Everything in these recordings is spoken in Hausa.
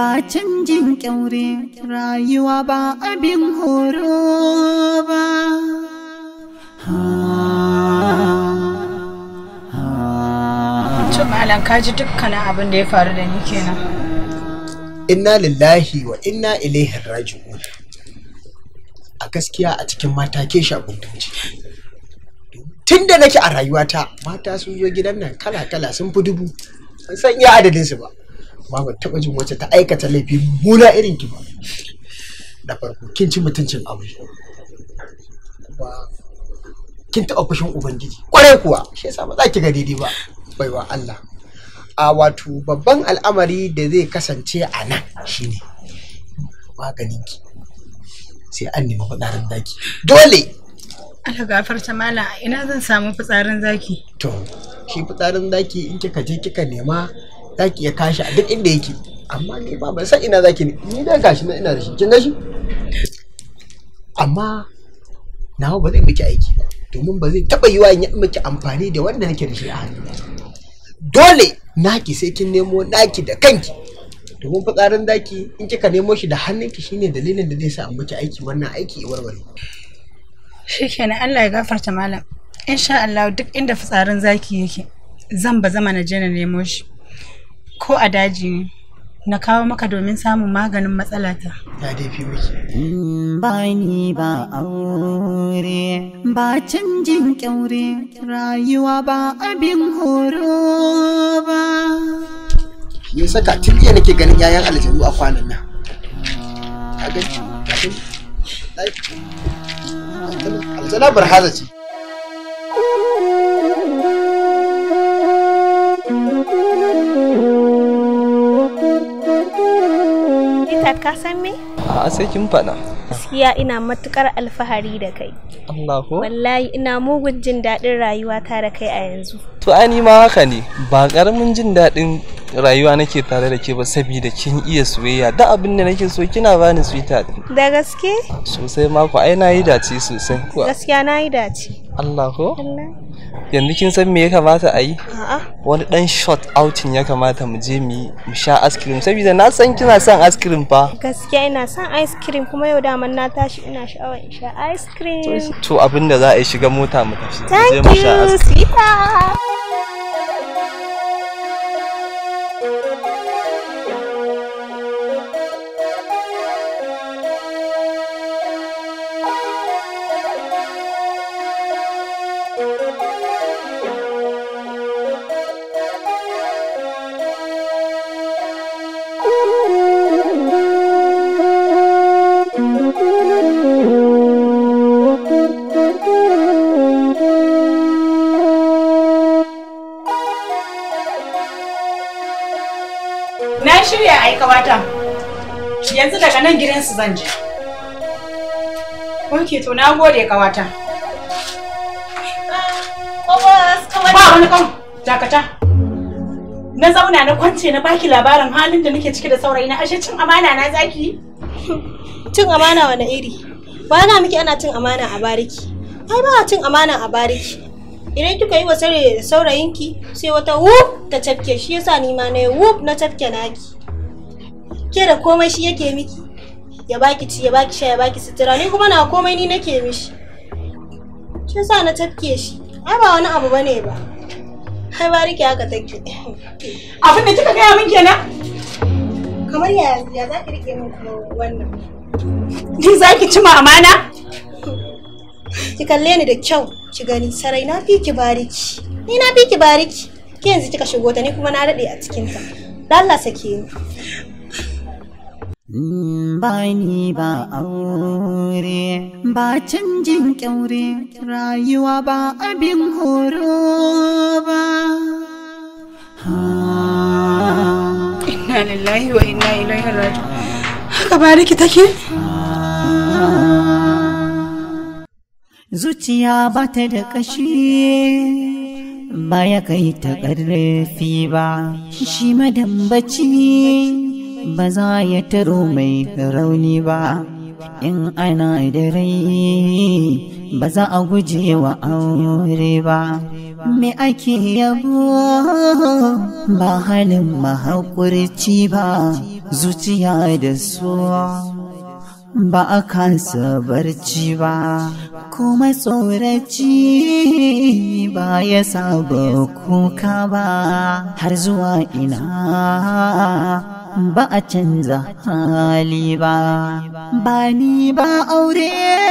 ba canjin kyaure rayuwa ba abin horo ba malam ka ji dukkanin abin da ya faru da ni kenan inna lillahi wa inna ilaihi raji'un a gaskiya a cikin mata ke shi abin tun da nake a rayuwata mata sun zo gidan nan kala kala sun fi dubu ban san iya adadin su ba amma ban taɓa jin wacce ta aikata laifi muna irin ki ba da farko kin ci mutuncin abu kuma kin taɓa fushin ubangiji kwarai kuwa shi yasa ba za ki ga daidai ba baiwa Allah a wato babban al'amari da zai kasance a nan shine maganin ki sai an nemi fitsarin zaki dole Allah gafarta mala ina zan samu fitsarin zaki to shi fitsarin zaki in kika je kika nema zaki ya kashi a duk inda yake amma ni ba ban san ina zaki ne ni dan gashi na ina da shi kin gashi amma nawa ba zai miki aiki ba domin ba zai taba yiwa in yi miki amfani da wanda nake da shi a hannu dole naki sai kin nemo naki da kanki domin fitsarin daki in kika nemo shi da hannunki shine dalilin da zai sa an miki aiki wannan aiki ya warware shikenan Allah ya gafarta malam insha Allah duk inda fitsarin zaki yake zan ba zama na je na nemo shi ko a daji ne na kawo maka domin samun maganin matsalata. Ya dai fi miki. Mm, ba ni ba aure, ba canjin kyaure, rayuwa ba abin horo ba. Ya saka tun iya nake ganin yayan aljanu a kwanan nan. Aljana barhaza ce. A'a sai kin faɗa gaskiya ina matukar alfahari da kai Allahu wallahi ina mugun jin daɗin rayuwa ta da kai a yanzu to ani ma haka ne ba ƙaramin jin daɗin rayuwa nake tare da ke ba saboda kin iya soyayya da abin da nake so kina bani sweetheart da gaske sosai mako ai na dace sosai gaskiya na dace Allahu Allah yanzu kin san me ya kamata a yi wani dan short outing ya kamata mu je mu sha ice cream saboda na san kina son ice cream fa gaskiya ina son ice cream kuma yau da na tashi ina sha'awar in sha ice cream to abinda za a yi shiga mota mu tafi je mu sha ice cream kawata yanzu daga nan gidansu zan je ok to na gode kawata ba wani kan dakata na zauna na kwance na baki labarin halin da nake ciki da saurayina ashe cin amana na zaki cin amana wani iri ba na miki ana cin amana a bariki ai ba cin amana a bariki idan kika yi wa saurayinki sai wata wuf ta cafke shi yasa ni ma na wuf na cafke naki ke da komai shi yake miki ya baki ci ya baki sha ya baki sutura ni kuma na komai ni nake mishi shi sa na tafke shi ai ba wani abu bane ba ai ba rike haka take abin da kika gaya min kenan kamar ya ya za ki rike min wannan ni za ki ci amana ki kalle ni da kyau ki gani sarai na fi ki bariki ni na fi ki bariki ki yanzu kika shigo ta ni kuma na daɗe a cikinta Allah sake ni Bani ba aure, ba canjin kyaure, rayuwa ba abin horo ba. Inna lillahi wa inna ilaihi raji. Haka bariki take? Zuciya ba ta da kashi, ba ya kai ta ƙarfi ba, shi madambaci. ba za ya taro mai rauni ba in ana da rai ba za a guje wa aure ba me ake yabo ba halin mahaƙurci ba zuciya da suwa ba a kansa barci ba kuma tsoraci ba ya saba kuka ba har zuwa ina ba a canza hali ba, ba ni ba aure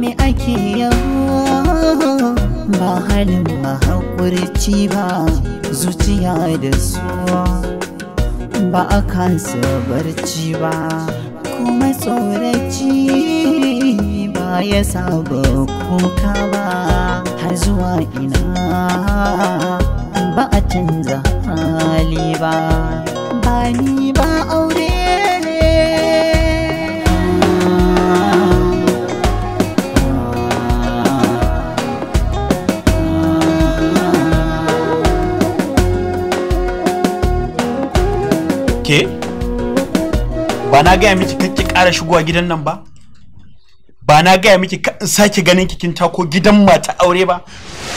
me ake yawa ba halin mahaƙurci ba zuciya da suwa ba a kansa barci ba kuma tsoraci ba ya saba kuka ba har zuwa ina ba a canza hali ba ba ni ba na gaya miki ki ƙara shigowa gidan nan ba ba na gaya miki in sake ganin ki kin tako gidan mata aure ba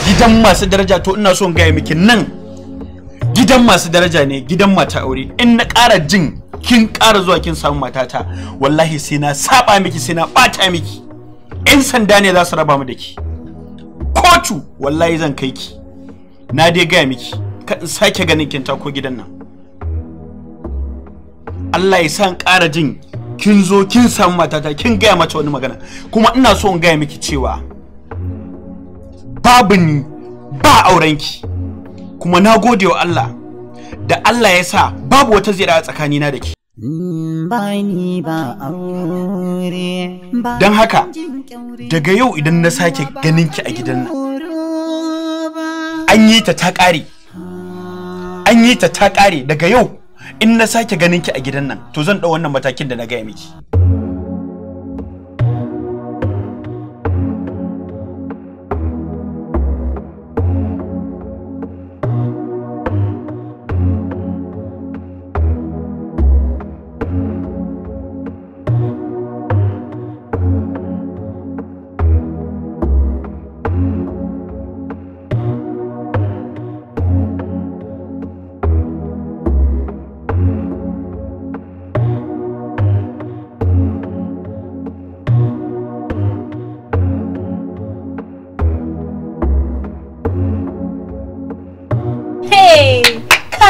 gidan masu daraja to ina so in gaya miki nan gidan masu daraja ne gidan mata aure in na kara jin kin kara zuwa kin samu matata wallahi sai na saba miki sai na ɓata miki 'yan sanda ne za su raba mu da ki kotu wallahi zan kai ki na dai gaya miki in sake ganin kin tako gidan nan Allah ya san ƙara jin kin zo kin samu matata kin gaya mata wani magana kuma ina so in gaya miki cewa babu ni ba aurenki kuma na gode wa Allah da Allah ya sa babu wata zira tsakanina da ke don haka daga yau idan na sake ganin ki a gidan nan an yi ta ta ƙare an yi ta ta ƙare daga yau in na sake ganin ki a gidan nan to zan ɗau wannan matakin da na gaya miki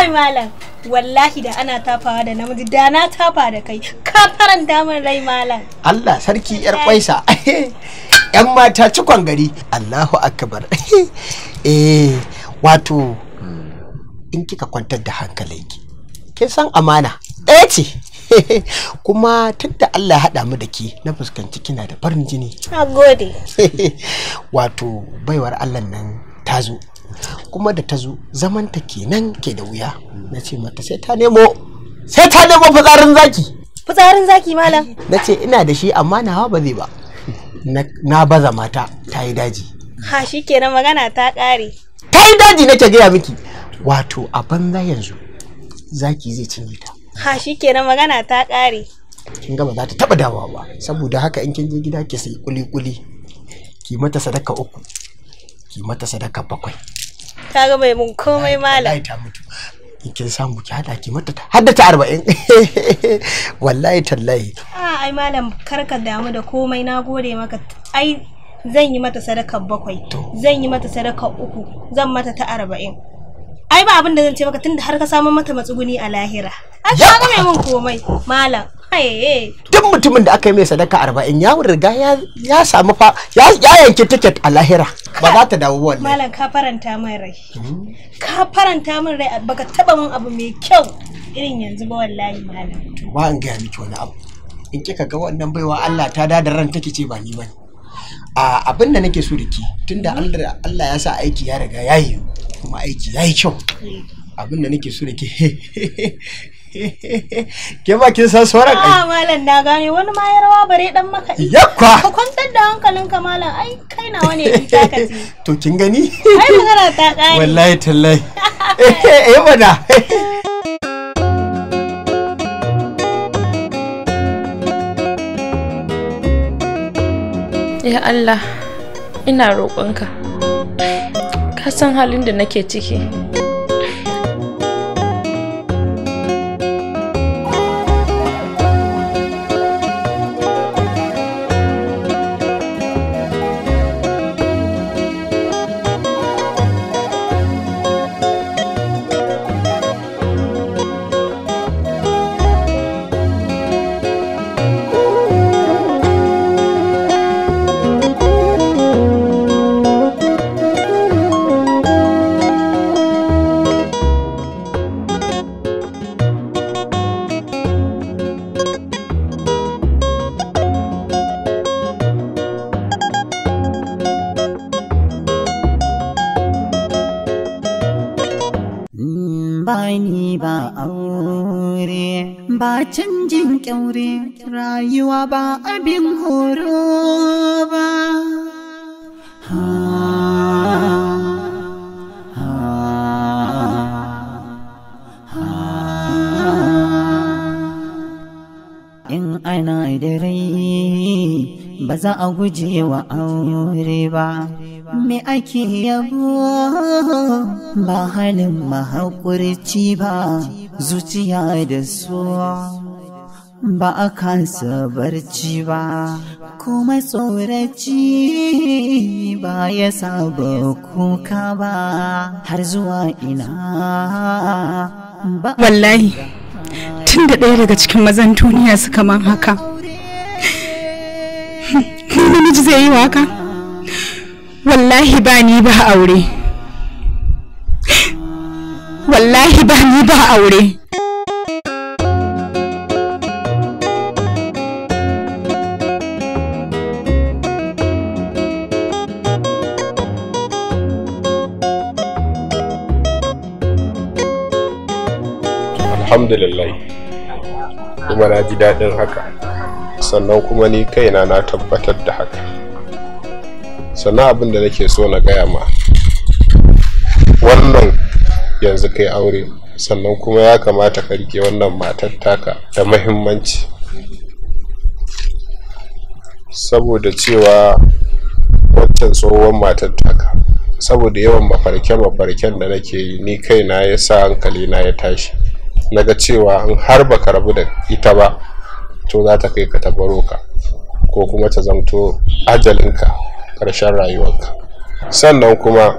kai malam wallahi da ana tafawa da namiji da na tafa da kai ka faranta min rai malam Allah sarki yar kwaisa yan mata cikon gari Allahu akbar eh wato in kika kwantar da hankalinki kin san amana ɗaya ce kuma tunda Allah haɗa mu da ki na fuskanci kina da farin jini. Na gode. Wato baiwar Allah nan ta zo. kuma da ta zo zamanta kenan ke da wuya na ce mata sai ta nemo sai ta nemo fitsarin zaki fitsarin zaki malam na ce ina da shi amma nawa ba zai ba na baza mata ta yi daji ha shi kenan magana ta ƙare ta yi daji nake gaya miki wato a banza yanzu zaki zai cinye ta ha shi kenan magana ta ƙare kin ga ba za ta taɓa dawowa ba saboda haka in kin je gida ki sai kuli-kuli ki mata sadaka uku ki mata sadaka bakwai kaga mai mun komai malam ta mutu kin samu ki hada ki mata hadda ta 40 wallahi tallahi a ai malam karka damu da komai na gode maka ai zan yi mata sadaka bakwai zan yi mata sadaka uku zan mata ta 40 ai ba abin da zan ce maka tunda har ka samu mata matsuguni a lahira ai kaga mai mun komai malam duk mutumin da aka yi mai sadaka arba'in ya riga ya samu fa ya yanke tiket a lahira ba za ta dawo wannan malam ka faranta min rai ka faranta min rai baka taba min abu mai kyau irin yanzu ba wallahi malam ba an gaya miki wani abu in kika ga wannan baiwa Allah ta da ran take ce ba ni bane a abin da nake so da ke tunda Allah ya sa aiki ya riga yi kuma aiki yi kyau abin da nake so da ke ke ba kin san sauran ah, ai a malam na gane wani ma ya rawa bare dan maka yakwa ka kwantar da hankalin ka malam ai kai nawa ne to kin gani ai magana ta kare wallahi tallahi eh bada eh, eh, Ya Allah, ina roƙonka, ka san halin da nake ciki. za a guje wa aure ba. Me ake yabo ba halin mahaƙurci ba zuciya da su Ba a kansa barci ba, kuma tsoraci ba ya saba kuka ba har zuwa ina ba. Wallahi, tun da ɗaya daga cikin mazan duniya suka man haka. kai namiji zai yi waka wallahi ba ni ba aure wallahi ba ni ba aure alhamdulillah kuma na ji daɗin haka sannan kuma ni kaina na tabbatar da haka sannan abin da nake so na gaya ma wannan yanzu kai aure sannan kuma ya kamata ka rike wannan matar taka da mahimmanci saboda cewa wancan tsohon matar taka saboda yawan mafarke-mafarken da nake yi ni kaina ya sa hankali na ya tashi naga cewa in har baka rabu da ita ba to za ta kai ka ta ka ko kuma ta zamto ajalinka ƙarshen rayuwarka sannan kuma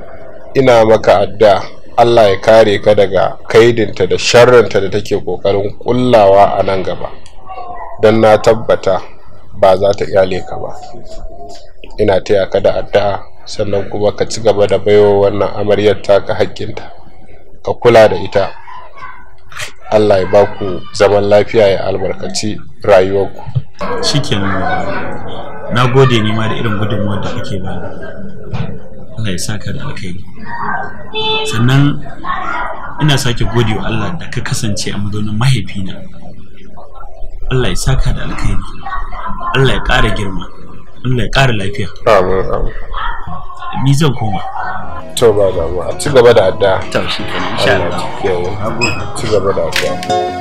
ina maka adda Allah ya kare ka daga kaidinta da sharrinta da take ƙoƙarin ƙullawa a nan gaba don na tabbata ba za ta iyale ka ba ina taya ka da addu'a sannan kuma ka ci gaba da baiwa wannan amaryar taka haƙƙinta ka kula da ita allah ya baku zaman lafiya ya albarkaci rayuwarku shikenan na gode ni ma da irin gudunmuwar da kake ba Allah ya saka da alkhairi sannan ina sake gode wa Allah da ka kasance a mazaunin mahaifina Allah ya saka da alkhairi Allah ya ƙara girma Allah ya ƙara lafiya ni zan koma da ba da ci gaba da adda Tausi, shi kenan insha Allah ci gaba da adda